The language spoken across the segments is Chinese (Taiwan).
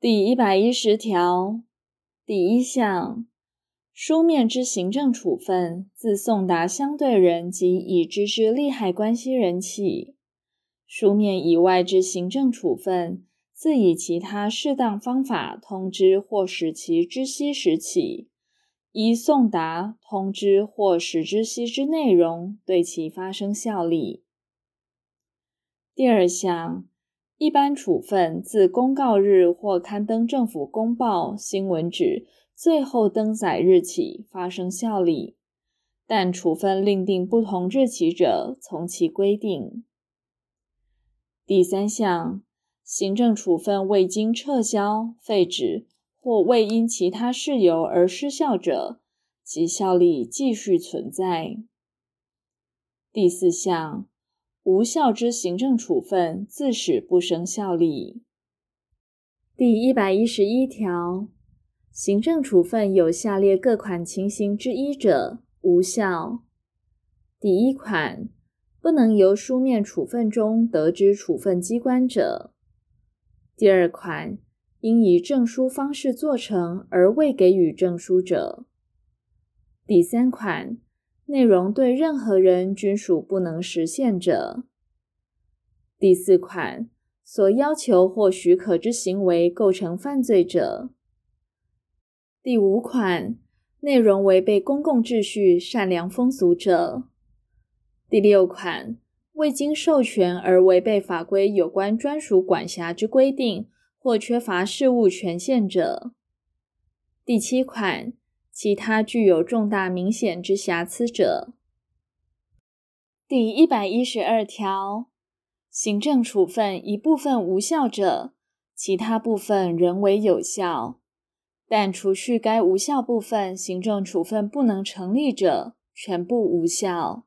第一百一十條，第一項，書面之行政處分，自送達相對人及已知之利害關係人起；書面以外之行政處分，自以其他適當方法通知或使其知悉時起，依送達、通知或使知悉之內容，對其發生效力。第二項。一般處分自公告日或刊登政府公報、新聞紙最後登載日起發生效力，但處分另定不同日期者，從其規定。第三項，行政處分未經撤銷、廢止或未因其他事由而失效者，其效力繼續存在。第四項。無效之行政處分，自始不生效力。第一百一十一條，行政處分有下列各款情形之一者，無效：第一款，不能由書面處分中得知處分機關者；第二款，應以證書方式做成而未給予證書者；第三款，內容對任何人均屬不能實現者。第四款，所要求或許可之行為構成犯罪者。第五款，內容違背公共秩序、善良風俗者。第六款，未經授權而違背法規有關專屬管轄之規定或缺乏事務權限者。第七款。其他具有重大明顯之瑕疵者。第一百一十二條，行政處分一部分無效者，其他部分仍為有效；但除去該無效部分，行政處分不能成立者，全部無效。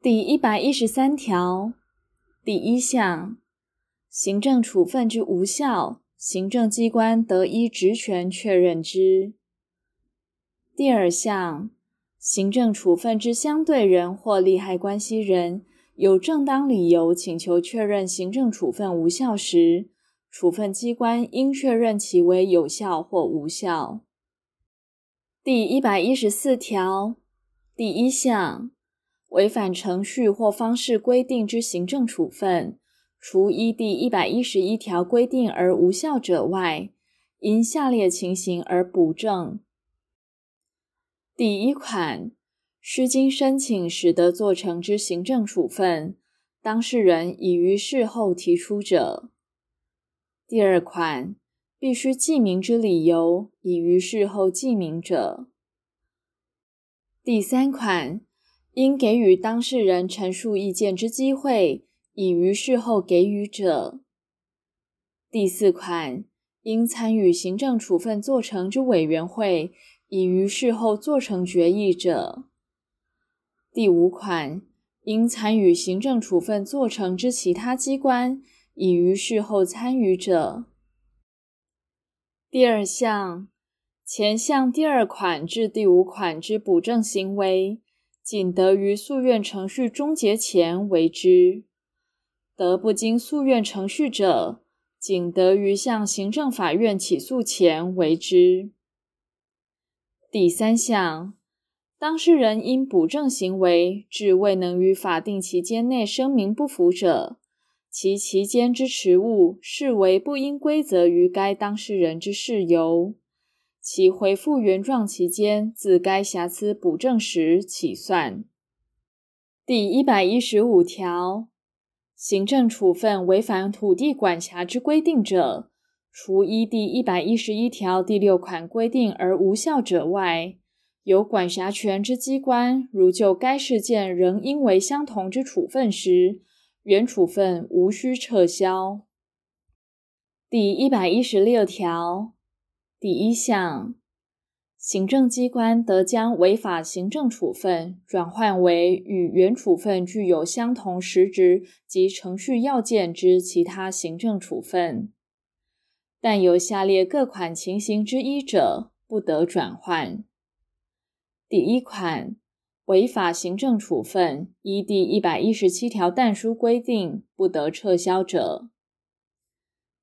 第一百一十三條，第一項，行政處分之無效，行政機關得依職權確認之。第二項，行政處分之相對人或利害關係人有正當理由請求確認行政處分無效時，處分機關應確認其為有效或無效。第一百一十四條第一項，違反程序或方式規定之行政處分，除依第一百一十一條規定而無效者外，因下列情形而補正。第一款，需經申請，始得做成之行政處分，當事人已於事後提出者；第二款，必須記名之理由，已於事後記名者；第三款，應給予當事人陳述意見之機會，已於事後給予者；第四款，應參與行政處分做成之委員會，已於事後做成決議者，第五款，應參與行政處分做成之其他機關已於事後參與者，第二項，前項第二款至第五款之補正行為，僅得於訴願程序終結前為之；得不經訴願程序者，僅得於向行政法院起訴前為之。第三項，當事人因補正行為致未能於法定期間內聲明不服者，其期間之遲誤視為不應歸責於該當事人之事由，其回復原狀期間自該瑕疵補正時起算。第一百一十五條，行政處分違反土地管轄之規定者。除依第一百一十一條第六款規定而無效者外，有管轄權之機關，如就該事件仍應為相同之處分時，原處分無需撤銷。第一百一十六條第一項，行政機關得將違法行政處分轉換為與原處分具有相同實質及程序要件之其他行政處分。但有下列各款情形之一者，不得轉換。第一款，違法行政處分依第一百一十七條但書規定不得撤銷者；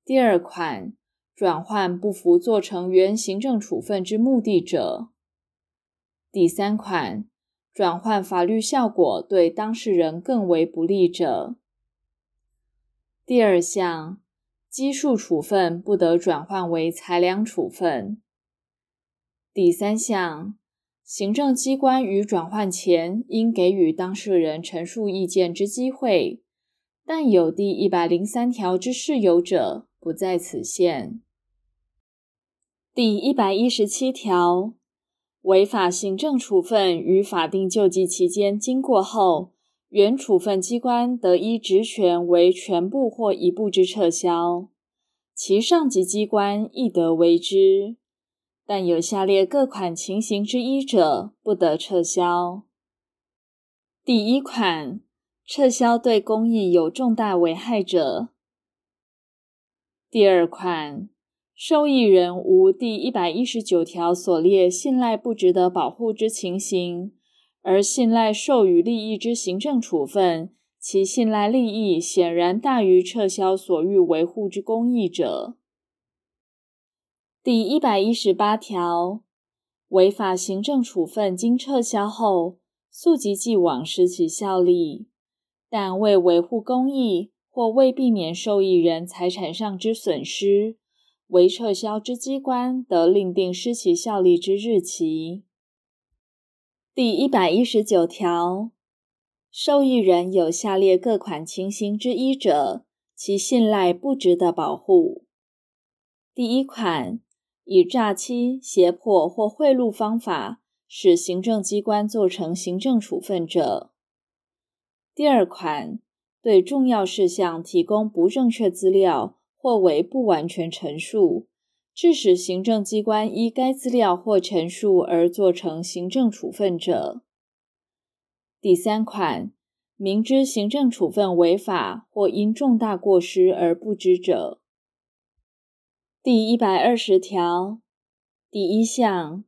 第二款，轉換不符做成原行政處分之目的者；第三款，轉換法律效果對當事人更為不利者。第二項。羈束處分不得轉換為裁量處分。第三項，行政機關於轉換前應給予當事人陳述意見之機會，但有第一百零三條之事由者，不在此限。第一百一十七條，違法行政處分於法定救濟期間經過後，原處分機關得依職權為全部或一部之撤銷，其上級機關亦得為之。但有下列各款情形之一者，不得撤銷：第一款，撤銷對公益有重大危害者；第二款，受益人無第一百一十九條所列信賴不值得保護之情形。而信賴授予利益之行政處分，其信賴利益顯然大於撤銷所欲維護之公益者。第一百一十八條，違法行政處分經撤銷後，溯及既往失其效力，但為維護公益或為避免受益人財產上之損失，為撤銷之機關得另定失其效力之日期。1> 第一百一十九條，受益人有下列各款情形之一者，其信賴不值得保護。第一款，以詐欺、脅迫或賄賂方法使行政機關做成行政處分者；第二款，對重要事項提供不正確資料或為不完全陳述。致使行政機關依該資料或陳述而作成行政處分者。第三款，明知行政處分違法或因重大過失而不知者。第一百二十條第一項，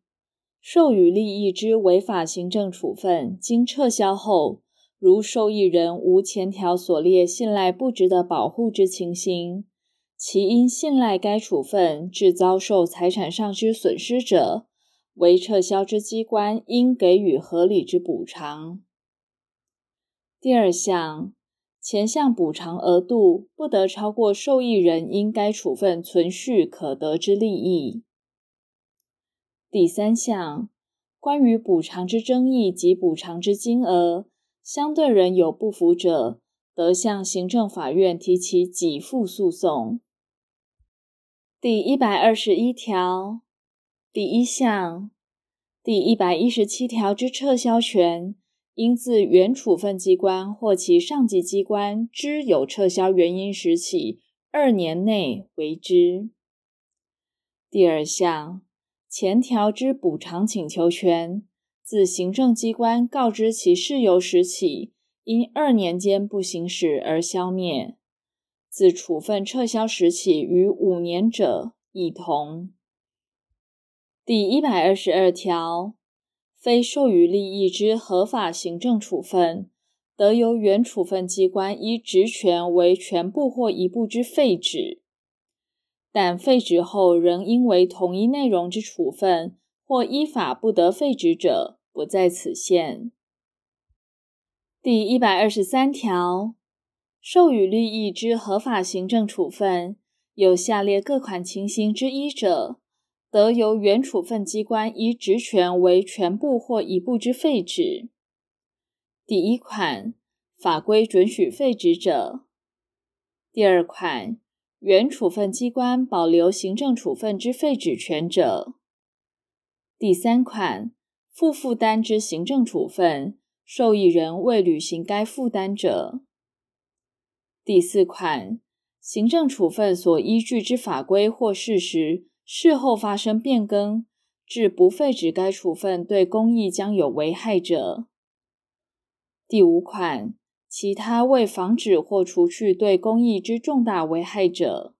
授予利益之違法行政處分經撤銷後，如受益人無前條所列信賴不值得保護之情形，其因信賴該處分致遭受財產上之損失者，為撤銷之機關應給予合理之補償。第二項，前項補償額度不得超過受益人因該處分存續可得之利益。第三項，關於補償之爭議及補償之金額，相對人有不服者，得向行政法院提起給付訴訟。1> 第一百二十一條第一項，第一百一十七條之撤銷權，應自原處分機關或其上級機關知有撤銷原因時起二年內為之。第二項，前條之補償請求權，自行政機關告知其事由時起，因二年間不行使而消滅。自處分撤銷時起，逾五年者，亦同。第一百二十二條，非授予利益之合法行政處分，得由原處分機關依職權為全部或一部之廢止，但廢止後仍應為同一內容之處分，或依法不得廢止者，不在此限。第一百二十三條。授予利益之合法行政處分，有下列各款情形之一者，得由原處分機關依職權為全部或一部之廢止。第一款，法規准許廢止者；第二款，原處分機關保留行政處分之廢止權者；第三款，附負擔之行政處分，受益人未履行該負擔者。第四款，行政處分所依據之法規或事實事後發生變更，致不廢止該處分對公益將有危害者；第五款，其他為防止或除去對公益之重大危害者。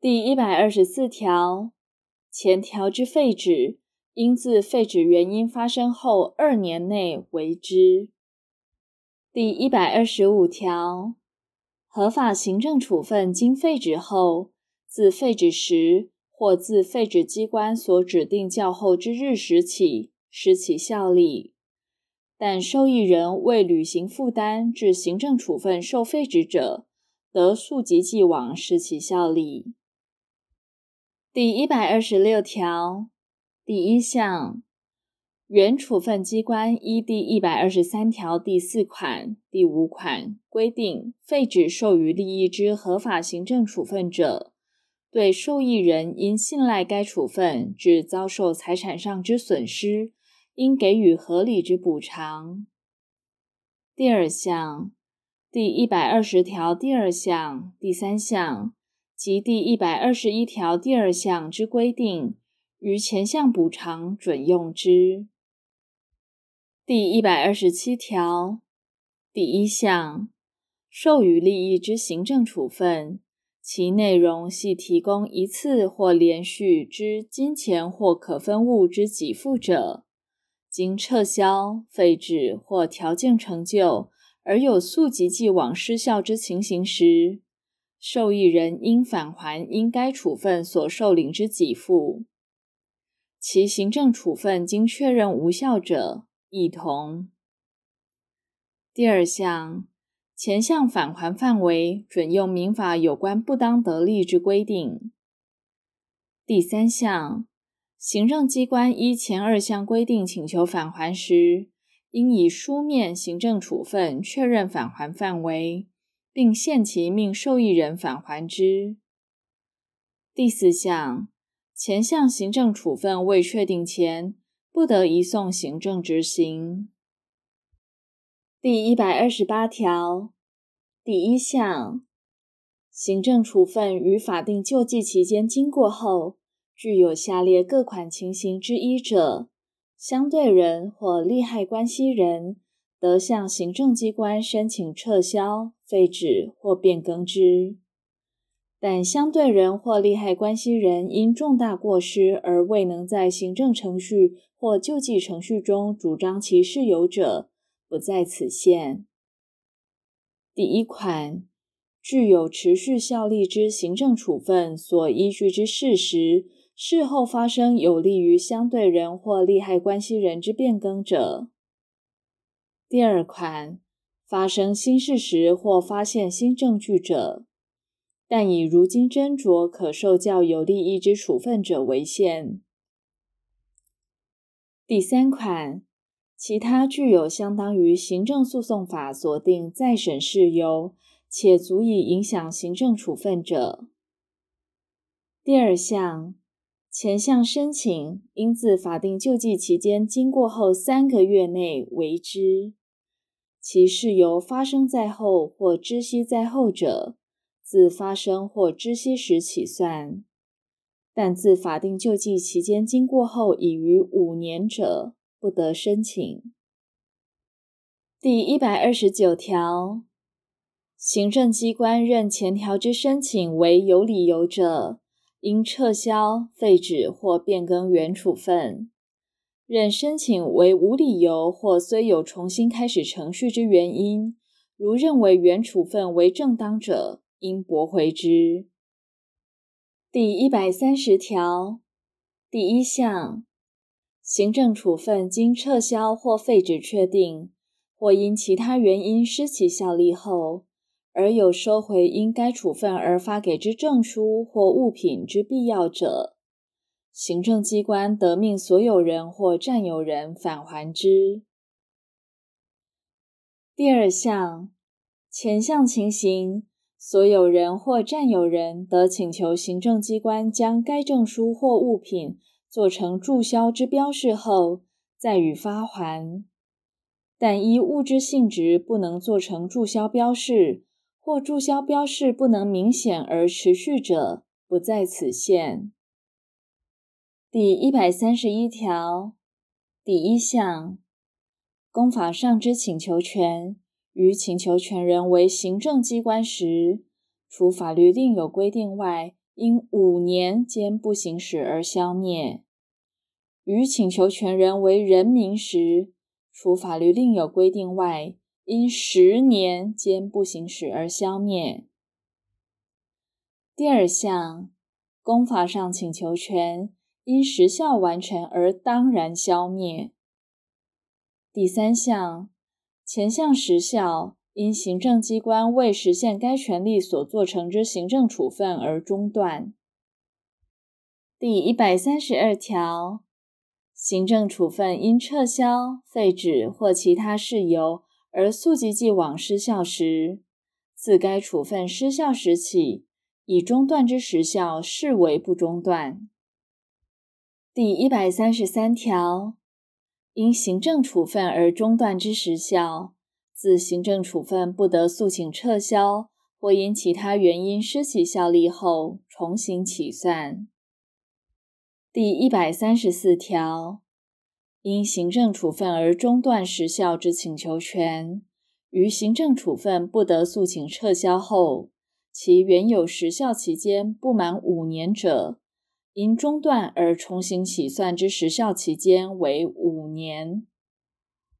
第一百二十四條，前條之廢止，應自廢止原因發生後二年內為之。第一百二十五條，合法行政處分經廢止後，自廢止時或自廢止機關所指定較後之日時起，失其效力。但受益人未履行負擔，致行政處分受廢止者，得溯及既往失其效力。第一百二十六條，第一項。原處分機關依第一百二十三條第四款、第五款規定廢止授予利益之合法行政處分者，對受益人因信賴該處分致遭受財產上之損失，應給予合理之補償。第二項、第一百二十條第二項、第三項及第一百二十一條第二項之規定，於前項補償準用之。第一百二十七條第一項，授予利益之行政處分，其內容係提供一次或連續之金錢或可分物之給付者，經撤銷、廢止或條件成就而有溯及既往失效之情形時，受益人應返還應該處分所受領之給付。其行政處分經確認無效者。亦同。第二項，前項返還範圍準用民法有關不當得利之規定。第三項，行政機關依前二項規定請求返還時，應以書面行政處分確認返還範圍，並限期命受益人返還之。第四項，前項行政處分未確定前，不得移送行政執行。第一百二十八條第一項，行政處分於法定救濟期間經過後，具有下列各款情形之一者，相對人或利害關係人得向行政機關申請撤銷、廢止或變更之。但相對人或利害關係人因重大過失而未能在行政程序。或救濟程序中主張其事由者，不在此限。第一款，具有持續效力之行政處分所依據之事實，事後發生有利於相對人或利害關係人之變更者；第二款，發生新事實或發現新證據者，但以如今斟酌可受較有利益之處分者為限。第三款，其他具有相當於行政訴訟法所定再審事由，且足以影響行政處分者。第二項，前項申請應自法定救濟期間經過後三個月內為之，其事由發生在後或知悉在後者，自發生或知悉時起算。但自法定救濟期間經過後，已逾五年者，不得申請。第一百二十九條，行政機關認前條之申請為有理由者，應撤銷、廢止或變更原處分；認申請為無理由或雖有重新開始程序之原因，如認為原處分為正當者，應駁回之。第一百三十條，第一項，行政處分經撤銷或廢止確定，或因其他原因失其效力後，而有收回因該處分而發給之證書或物品之必要者，行政機關得命所有人或佔有人返還之。第二項，前項情形。所有人或占有人得請求行政機關將該證書或物品做成註銷之標示後，再予發還，但依物質性質不能做成註銷標示，或註銷標示不能明顯而持續者，不在此限。第一百三十一條，第一項，公法上之請求權於請求權人為行政機關時，除法律另有規定外，因五年間不行使而消滅；於請求權人為人民時，除法律另有規定外，因十年間不行使而消滅。第二項，公法上請求權因時效完成而當然消滅。第三項。前項時效，因行政機關為實現該權利所做成之行政處分而中斷。第一百三十二條，行政處分因撤銷、廢止或其他事由而溯及既往失效時，自該處分失效時起，已中斷之時效視為不中斷。第一百三十三條。因行政處分而中斷之時效，自行政處分不得訴請撤銷或因其他原因失其效力後，重新起算。第一百三十四條，因行政處分而中斷時效之請求權，於行政處分不得訴請撤銷後，其原有時效期間不滿五年者。因中斷而重新起算之時效期間為五年。